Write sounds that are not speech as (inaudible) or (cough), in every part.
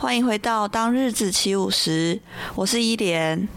歡迎回到當日子起舞時，我是伊蓮。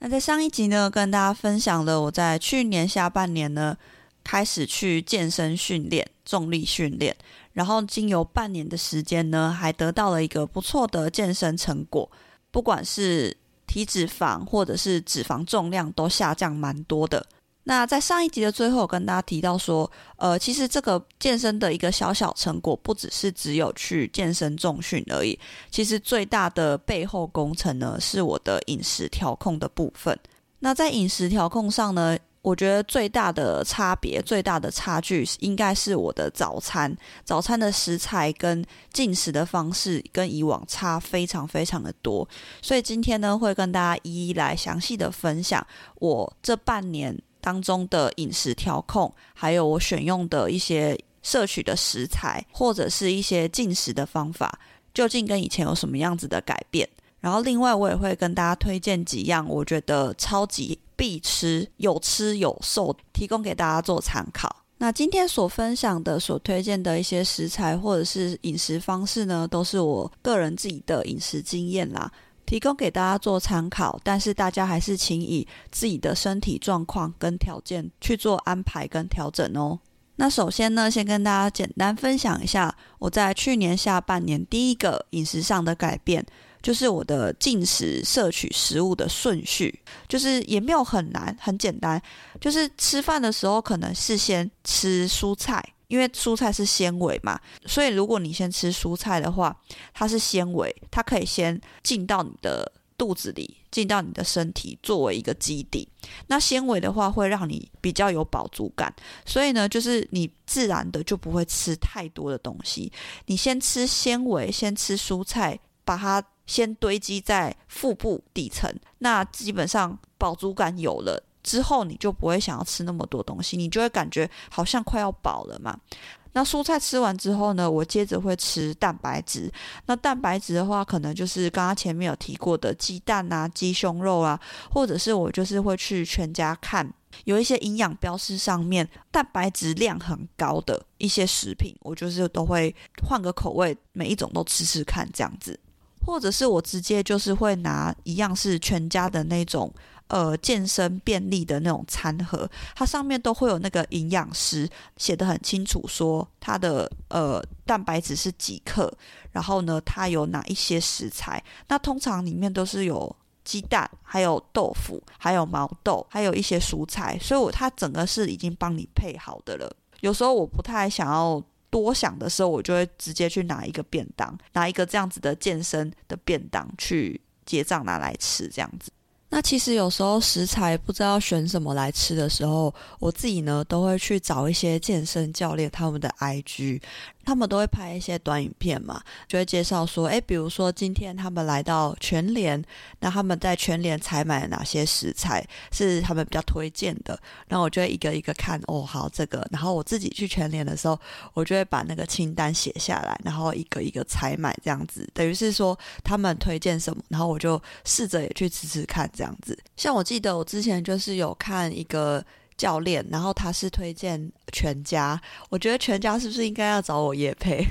那在上一集呢，跟大家分享了我在去年下半年呢，開始去健身訓練、重力訓練，然後經由半年的時間呢，還得到了一個不錯的健身成果，不管是體脂肪或者是脂肪重量都下降蠻多的。那在上一集的最後，我跟大家提到說，呃，其實這個健身的一個小小成果，不只是只有去健身重訓而已。其實最大的背後工程呢，是我的飲食調控的部分。那在飲食調控上呢，我覺得最大的差別、最大的差距，應該是我的早餐。早餐的食材跟進食的方式，跟以往差非常非常的多。所以今天呢，會跟大家一一來詳細的分享我這半年。當中的飲食調控，還有我選用的一些攝取的食材，或者是一些進食的方法，究竟跟以前有什麼樣子的改變？然後，另外我也會跟大家推薦幾樣我覺得超級必吃、有吃有瘦，提供給大家做參考。那今天所分享的、所推薦的一些食材或者是飲食方式呢，都是我個人自己的飲食經驗啦。提供給大家做參考，但是大家還是請以自己的身體狀況跟條件去做安排跟調整哦。那首先呢，先跟大家簡單分享一下，我在去年下半年第一個飲食上的改變，就是我的進食攝取食物的順序，就是也沒有很難，很簡單，就是吃飯的時候可能是先吃蔬菜。因為蔬菜是纖維嘛，所以如果你先吃蔬菜的話，它是纖維，它可以先進到你的肚子裡，進到你的身體作為一個基底。那纖維的話，會讓你比較有飽足感，所以呢，就是你自然的就不會吃太多的東西。你先吃纖維，先吃蔬菜，把它先堆積在腹部底層，那基本上飽足感有了。之後你就不會想要吃那麼多東西，你就會感覺好像快要飽了嘛。那蔬菜吃完之後呢，我接着會吃蛋白質。那蛋白質的話，可能就是剛剛前面有提過的雞蛋啊、雞胸肉啊，或者是我就是會去全家看，有一些營養標示上面蛋白質量很高的一些食品，我就是都會換個口味，每一種都吃吃看這樣子，或者是我直接就是會拿一樣是全家的那種。呃，健身便利的那種餐盒，它上面都會有那個營養師寫得很清楚，說它的呃蛋白質是幾克，然後呢，它有哪一些食材。那通常裡面都是有雞蛋，還有豆腐，還有毛豆，還有一些蔬菜。所以我它整個是已經幫你配好的了。有時候我不太想要多想的時候，我就會直接去拿一個便當，拿一個這樣子的健身的便當去結賬拿來吃，這樣子。那其實有時候食材不知道選什麼來吃的時候，我自己呢，都會去找一些健身教練他們的 IG。他們都會拍一些短影片嘛，就會介紹說，哎，比如說今天他們來到全聯，那他們在全聯採買了哪些食材是他們比較推薦的？那我就會一個一個看，哦，好，這個，然後我自己去全聯的時候，我就會把那個清單寫下來，然後一個一個採買，這樣子，等於是說他們推薦什麼，然後我就試着也去吃吃看，這樣子。像我記得我之前就是有看一個。教練，然後他是推薦全家，我覺得全家是不是應該要找我業配？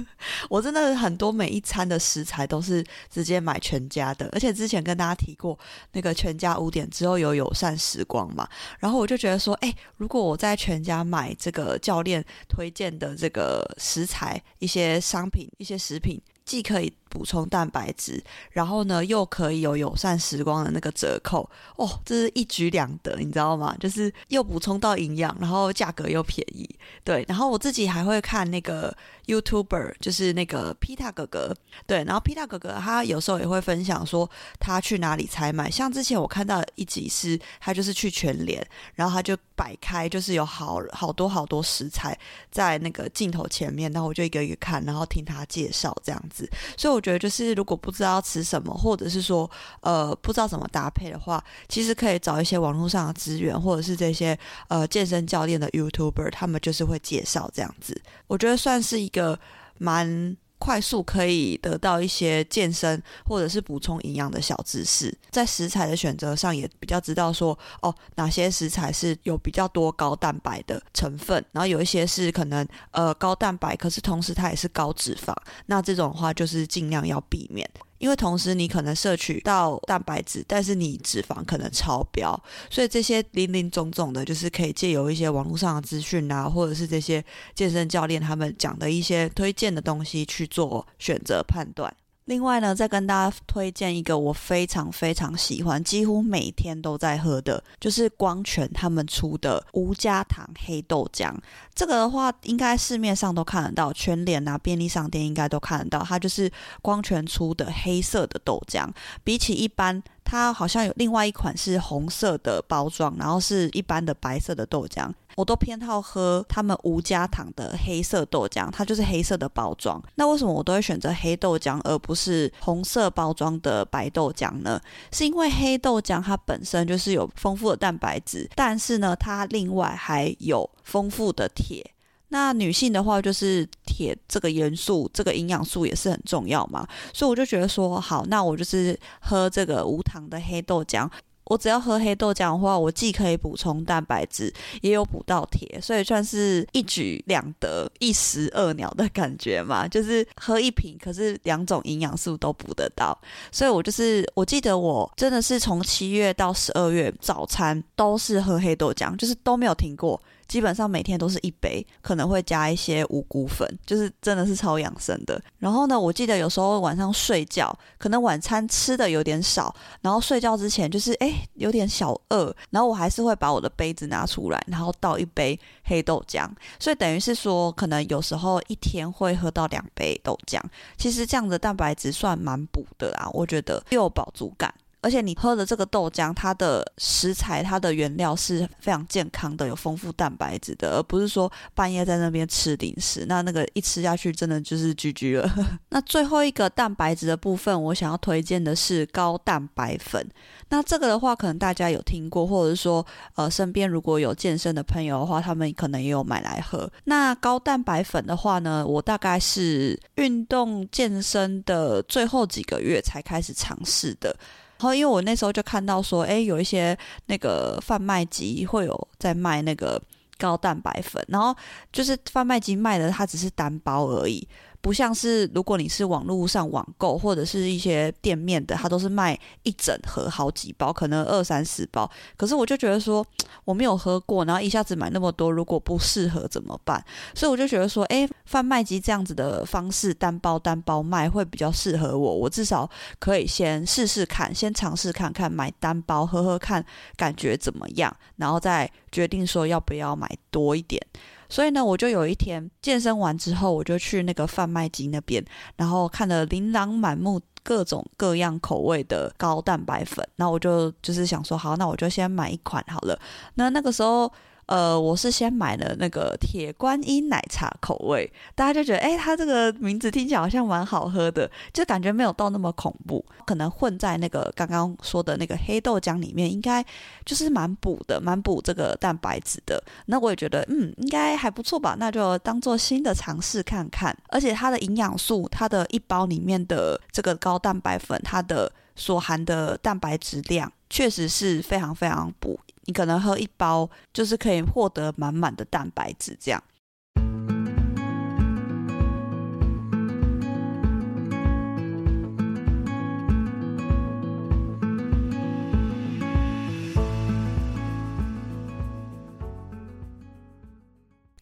(laughs) 我真的很多每一餐的食材都是直接買全家的，而且之前跟大家提過那個全家五點之後有友善時光嘛，然後我就覺得說，哎、欸，如果我在全家買這個教練推薦的這個食材，一些商品，一些食品。既可以補充蛋白質，然後呢，又可以有友善時光的那個折扣哦，這是一舉兩得，你知道嗎？就是又補充到營養，然後價格又便宜。對，然後我自己還會看那個 YouTuber，就是那個 Pita 哥哥。對，然後 Pita 哥哥他有時候也會分享說他去哪裡採買，像之前我看到一集是他就是去全聯，然後他就。擺開就是有好好多好多食材在那個鏡頭前面，然後我就一個一個看，然後聽他介紹這樣子。所以我覺得就是如果不知道吃什麼，或者是說呃不知道怎麼搭配的話，其實可以找一些網絡上的資源，或者是這些呃健身教練的 YouTuber，他們就是會介紹這樣子。我覺得算是一個蠻。快速可以得到一些健身或者是補充營養的小知識，在食材的選擇上也比較知道說哦，哪些食材是有比較多高蛋白的成分，然後有一些是可能呃高蛋白，可是同時它也是高脂肪，那這種話就是盡量要避免。因為同時你可能攝取到蛋白質，但是你脂肪可能超標，所以這些林林總總的就是可以借由一些網絡上的資訊啊，或者是這些健身教練他們講的一些推薦的東西去做選擇判斷。另外呢，再跟大家推薦一個我非常非常喜歡、幾乎每天都在喝的，就是光泉他們出的無加糖黑豆漿。這個的話，應該市面上都看得到，全聯啊、便利商店應該都看得到。它就是光泉出的黑色的豆漿，比起一般，它好像有另外一款是紅色的包裝，然後是一般的白色的豆漿。我都偏好喝他們無加糖的黑色豆漿，它就是黑色的包裝。那為什麼我都會選擇黑豆漿而不是紅色包裝的白豆漿呢？是因為黑豆漿它本身就是有豐富的蛋白質，但是呢，它另外還有豐富的鐵。那女性的話，就是鐵這個元素，這個營養素也是很重要嘛。所以我就覺得說，好，那我就是喝這個無糖的黑豆漿。我只要喝黑豆漿的話，我既可以補充蛋白質，也有補到鐵，所以算是一舉兩得、一石二鳥的感覺嘛。就是喝一瓶，可是兩種營養素都補得到，所以我就是，我記得我真的是從七月到十二月，早餐都是喝黑豆漿，就是都沒有停過。基本上每天都是一杯，可能會加一些五穀粉，就是真的是超養生的。然後呢，我記得有時候晚上睡覺，可能晚餐吃的有點少，然後睡覺之前就是誒，有點小餓，然後我還是會把我的杯子拿出來，然後倒一杯黑豆漿。所以等於是說，可能有時候一天會喝到兩杯豆漿。其實這樣的蛋白質算蠻補的啊，我覺得又有飽足感。而且你喝的這個豆漿，它的食材、它的原料是非常健康的，有豐富蛋白質的，而不是說半夜在那邊吃零食。那那個一吃下去，真的就是 GG 了。 (laughs) 那最後一個蛋白質的部分，我想要推薦的是高蛋白粉。那這個的話，可能大家有聽過，或者是說，呃，身邊如果有健身的朋友的話，他們可能也有買來喝。那高蛋白粉的話呢，我大概是運動健身的最後幾個月才開始嘗試的。然後，因為我那時候就看到說，哎，有一些那個販賣機會有在賣那個高蛋白粉，然後就是販賣機賣的，它只是單包而已。不像是如果你是網絡上網購或者是一些店面的，它都是賣一整盒，好幾包，可能二三十包。可是我就覺得說我沒有喝過，然後一下子買那麼多，如果不適合怎麼辦？所以我就覺得說，誒、欸，販賣機這樣子的方式，單包單包賣會比較適合我。我至少可以先試試看，先嘗試看看買單包喝喝看，感覺怎麼樣，然後再決定說要不要買多一點。所以呢，我就有一天健身完之後，我就去那個販賣機那邊，然後看了琳琅滿目各種各樣口味的高蛋白粉，那我就就是想說，好，那我就先買一款好了。那那個時候。呃，我是先買了那個鐵觀音奶茶口味，大家就覺得，哎、欸，它這個名字聽起來好像蠻好喝的，就感覺沒有到那麼恐怖。可能混在那個剛剛說的那個黑豆漿裡面，應該就是蠻補的，蠻補這個蛋白質的。那我也覺得，嗯，應該還不錯吧，那就當做新的嘗試看看。而且它的營養素，它的一包裡面的這個高蛋白粉，它的所含的蛋白質量，確實是非常非常補。你可能喝一包，就是可以獲得滿滿的蛋白質，這樣。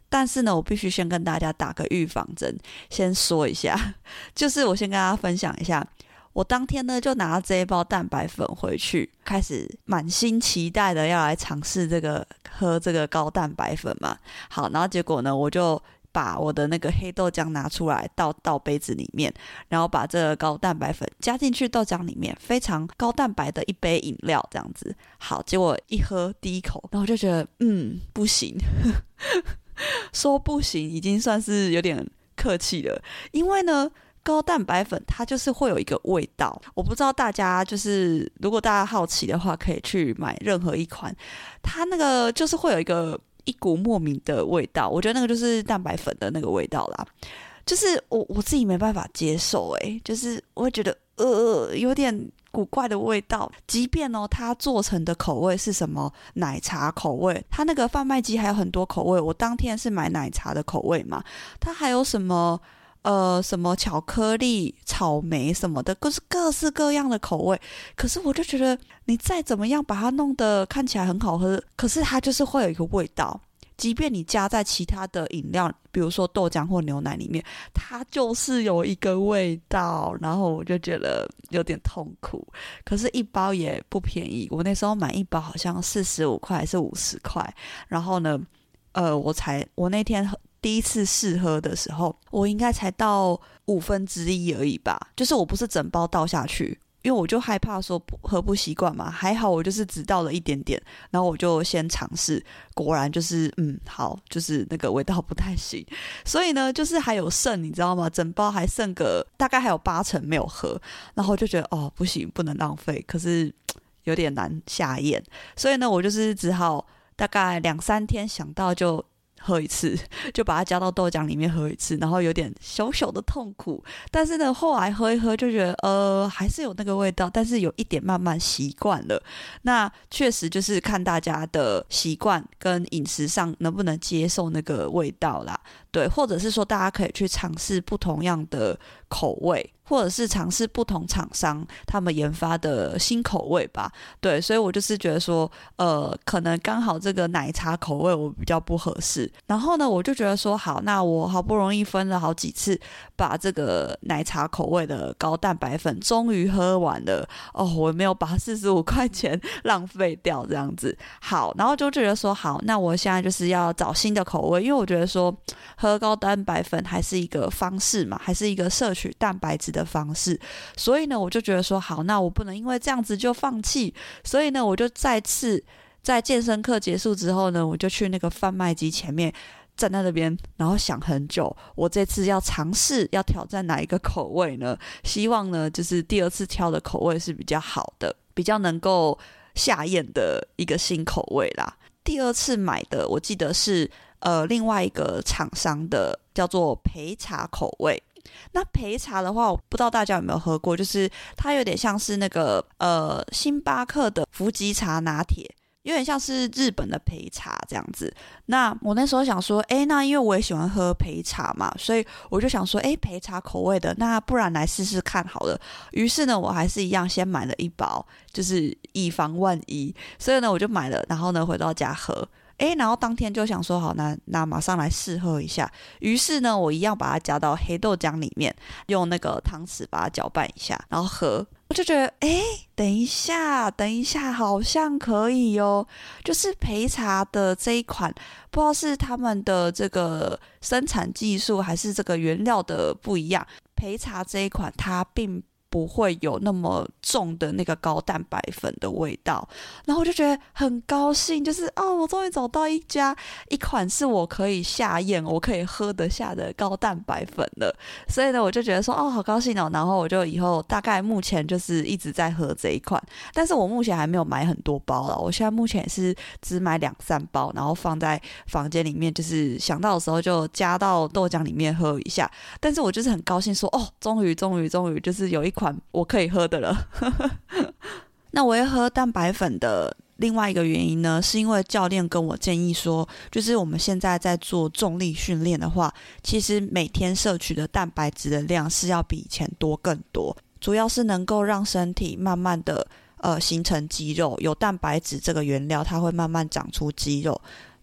但是呢，我必須先跟大家打個預防針，先說一下，就是我先跟大家分享一下。我當天呢，就拿了這一包蛋白粉回去，開始滿心期待的要來嘗試這個喝這個高蛋白粉嘛。好，然後結果呢，我就把我的那個黑豆漿拿出來倒到杯子裡面，然後把這個高蛋白粉加進去豆漿裡面，非常高蛋白的一杯飲料這樣子。好，結果一喝第一口，然後我就覺得，嗯，不行， (laughs) 說不行已經算是有點客氣了，因為呢。高蛋白粉它就是會有一個味道，我不知道大家就是，如果大家好奇的話，可以去買任何一款，它那個就是會有一個一股莫名的味道，我覺得那個就是蛋白粉的那個味道啦，就是我我自己沒辦法接受哎、欸，就是我會覺得呃有點古怪的味道，即便哦它做成的口味是什麼奶茶口味，它那個販賣機還有很多口味，我當天是買奶茶的口味嘛，它還有什麼？呃，什麼巧克力、草莓什麼的，各式各式各樣的口味。可是我就覺得，你再怎麼樣把它弄得看起來很好喝，可是它就是會有一個味道。即便你加在其他的飲料，比如說豆漿或牛奶裡面，它就是有一個味道。然後我就覺得有點痛苦。可是，一包也不便宜。我那時候買一包好像四十五塊還是五十塊。然後呢，呃，我才我那天。第一次試喝的時候，我應該才倒五分之一而已吧，就是我不是整包倒下去，因為我就害怕說不喝不習慣嘛。還好我就是只倒了一點點，然後我就先嘗試，果然就是嗯，好，就是那個味道不太行。所以呢，就是還有剩，你知道嗎？整包還剩個大概還有八成沒有喝，然後就覺得哦，不行，不能浪費，可是有點難下嚥。所以呢，我就是只好大概兩三天想到就。喝一次就把它加到豆漿裡面喝一次，然後有點小小的痛苦。但是呢，後來喝一喝就覺得，呃，還是有那個味道，但是有一點慢慢習慣了。那確實就是看大家的習慣跟飲食上能不能接受那個味道啦。對，或者是說大家可以去嘗試不同樣的口味，或者是嘗試不同廠商他們研發的新口味吧。對，所以我就是覺得說，呃，可能剛好這個奶茶口味我比較不合適。然後呢，我就覺得說，好，那我好不容易分了好幾次把這個奶茶口味的高蛋白粉終於喝完了。哦，我沒有把四十五塊錢浪費掉，這樣子。好，然後就覺得說，好，那我現在就是要找新的口味，因為我覺得說，喝高蛋白粉還是一個方式嘛，還是一個攝取蛋白質的方式。所以呢，我就覺得說，好，那我不能因為這樣子就放棄。所以呢，我就再次在健身課結束之後呢，我就去那個販賣機前面站在那邊，然後想很久。我這次要嘗試要挑戰哪一個口味呢？希望呢，就是第二次挑的口味是比較好的，比較能夠下嚥的一個新口味啦。第二次買的，我記得是。呃，另外一個廠商的叫做焙茶口味。那焙茶的話，我不知道大家有沒有喝過，就是它有點像是那個呃星巴克的福吉茶拿鐵，有點像是日本的焙茶這樣子。那我那時候想說，哎，那因為我也喜歡喝焙茶嘛，所以我就想說，哎，焙茶口味的，那不然來試試看好了。於是呢，我還是一樣先買了一包，就是以防萬一。所以呢，我就買了，然後呢，回到家喝。哎，然後當天就想說好，那那馬上來試喝一下。於是呢，我一樣把它加到黑豆漿裡面，用那個湯匙把它攪拌一下，然後喝。我就覺得，哎，等一下，等一下，好像可以哦。就是陪茶的這一款，不知道是他們的這個生產技術還是這個原料的不一樣，陪茶這一款它並。不會有那麼重的那個高蛋白粉的味道，然後我就覺得很高興，就是哦，我終於找到一家一款是我可以下嚥、我可以喝得下的高蛋白粉了。所以呢，我就覺得說哦，好高興哦。然後我就以後大概目前就是一直在喝這一款，但是我目前還沒有買很多包了。我現在目前也是只買兩三包，然後放在房間裡面，就是想到的時候就加到豆漿裡面喝一下。但是我就是很高興說哦，終於終於終於就是有一款。我可以喝的了。 (laughs) 那我要喝蛋白粉的另外一個原因呢，是因為教練跟我建議說，就是我們現在在做重力訓練的話，其實每天攝取的蛋白質的量是要比以前多更多，主要是能夠讓身體慢慢的呃形成肌肉，有蛋白質這個原料，它會慢慢長出肌肉。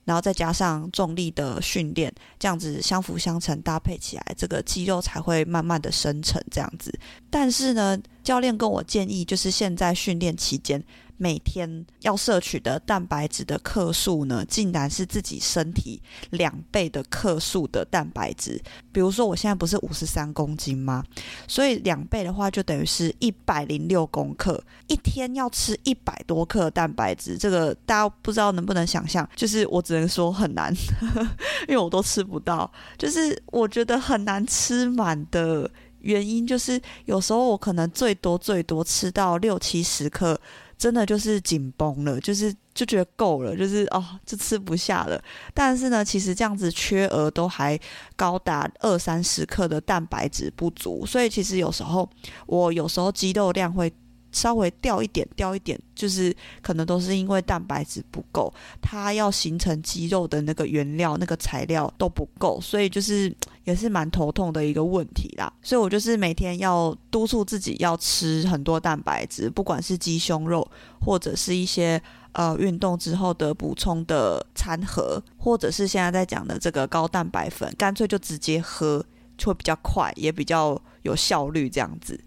然後再加上重力的訓練，這樣子相輔相成搭配起來，這個肌肉才會慢慢的生成這樣子。但是呢，教練跟我建議，就是現在訓練期間，每天要攝取的蛋白質的克數呢，竟然是自己身體兩倍的克數的蛋白質。比如說，我現在不是五十三公斤嗎？所以兩倍的話，就等於是一百零六公克。一天要吃一百多克蛋白質，這個大家不知道能不能想象？就是我只能說很難呵呵，因為我都吃不到。就是我覺得很難吃滿的原因，就是有時候我可能最多最多吃到六七十克。真的就是緊繃了，就是就覺得夠了，就是哦，就吃不下了。但是呢，其實這樣子缺額都還高達二三十克的蛋白質不足，所以其實有時候我有時候肌肉量會。稍微掉一點，掉一點，就是可能都是因為蛋白質不夠，它要形成肌肉的那個原料，那個材料都不夠，所以就是也是蠻頭痛的一個問題啦。所以我就是每天要督促自己要吃很多蛋白質，不管是雞胸肉，或者是一些呃運動之後的補充的餐盒，或者是現在在講的這個高蛋白粉，乾脆就直接喝，就會比較快，也比較有效率這樣子。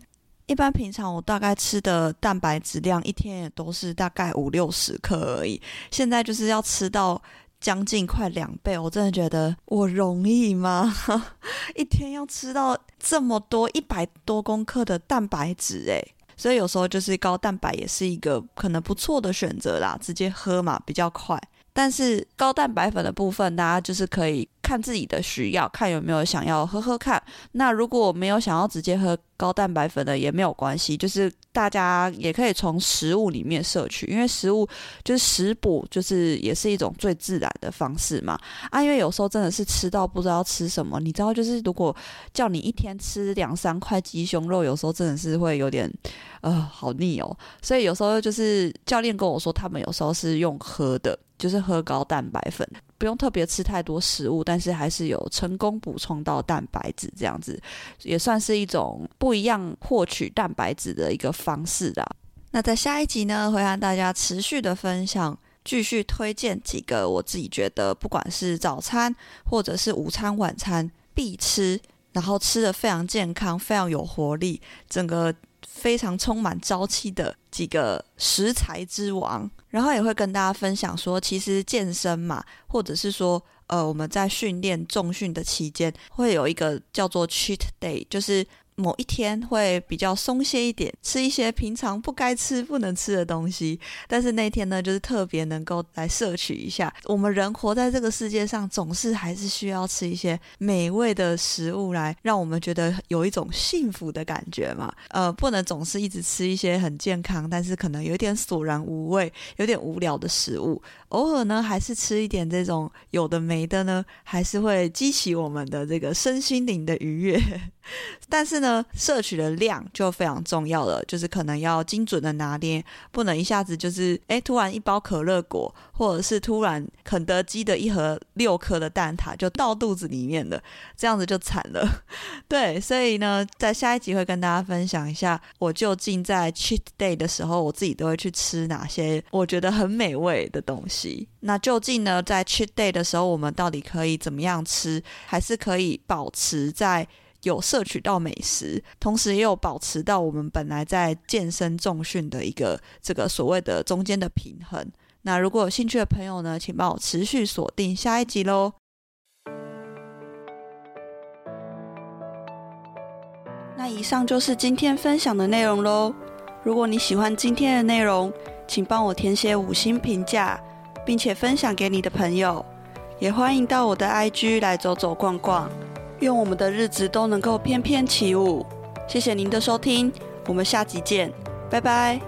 一般平常我大概吃的蛋白質量，一天也都是大概五六十克而已。現在就是要吃到將近快兩倍，我真的覺得我容易嗎？ (laughs) 一天要吃到這麼多，一百多公克的蛋白質，誒。所以有時候就是高蛋白也是一個可能不錯的選擇啦，直接喝嘛，比較快。但是高蛋白粉的部分，大家就是可以看自己的需要，看有沒有想要喝喝看。那如果沒有想要直接喝高蛋白粉的，也沒有關係，就是大家也可以從食物裡面攝取，因為食物就是食補，就是也是一種最自然的方式嘛。啊，因為有時候真的是吃到不知道吃什麼，你知道，就是如果叫你一天吃兩三塊雞胸肉，有時候真的是會有點，呃，好膩哦。所以有時候就是教練跟我說，他們有時候是用喝的。就是喝高蛋白粉，不用特別吃太多食物，但是還是有成功補充到蛋白質，這樣子也算是一種不一樣獲取蛋白質的一個方式的啊。那在下一集呢，會和大家持續的分享，繼續推薦幾個我自己覺得不管是早餐或者是午餐、晚餐必吃，然後吃得非常健康、非常有活力，整個。非常充滿朝氣的幾個食材之王，然後也會跟大家分享說，其實健身嘛，或者是說，呃，我們在訓練重訓的期間，會有一個叫做 cheat day，就是。某一天會比較鬆懈一點，吃一些平常不該吃、不能吃的東西。但是那天呢，就是特別能夠來攝取一下。我們人活在這個世界上，總是還是需要吃一些美味的食物，來讓我們覺得有一種幸福的感覺嘛。呃，不能總是一直吃一些很健康，但是可能有點索然無味、有點無聊的食物。偶爾呢，還是吃一點這種有的沒的呢，還是會激起我們的這個身心靈的愉悅。但是呢，攝取的量就非常重要了，就是可能要精準的拿捏，不能一下子就是哎，突然一包可樂果，或者是突然肯德基的一盒六顆的蛋撻就倒肚子裡面了，這樣子就慘了。對，所以呢，在下一集會跟大家分享一下，我究竟在 cheat day 的時候，我自己都會去吃哪些我覺得很美味的東西。那究竟呢，在 cheat day 的時候，我們到底可以怎麼樣吃，還是可以保持在，有攝取到美食，同時也有保持到我們本來在健身重訓的一個這個所謂的中間的平衡。那如果有興趣的朋友呢，請幫我持續鎖定下一集嘍。那以上就是今天分享的內容嘍。如果你喜歡今天的內容，請幫我填寫五星評價，並且分享給你的朋友，也歡迎到我的 IG 來走走逛逛。願我們的日子都能夠翩翩起舞。謝謝您的收聽，我們下集見，拜拜。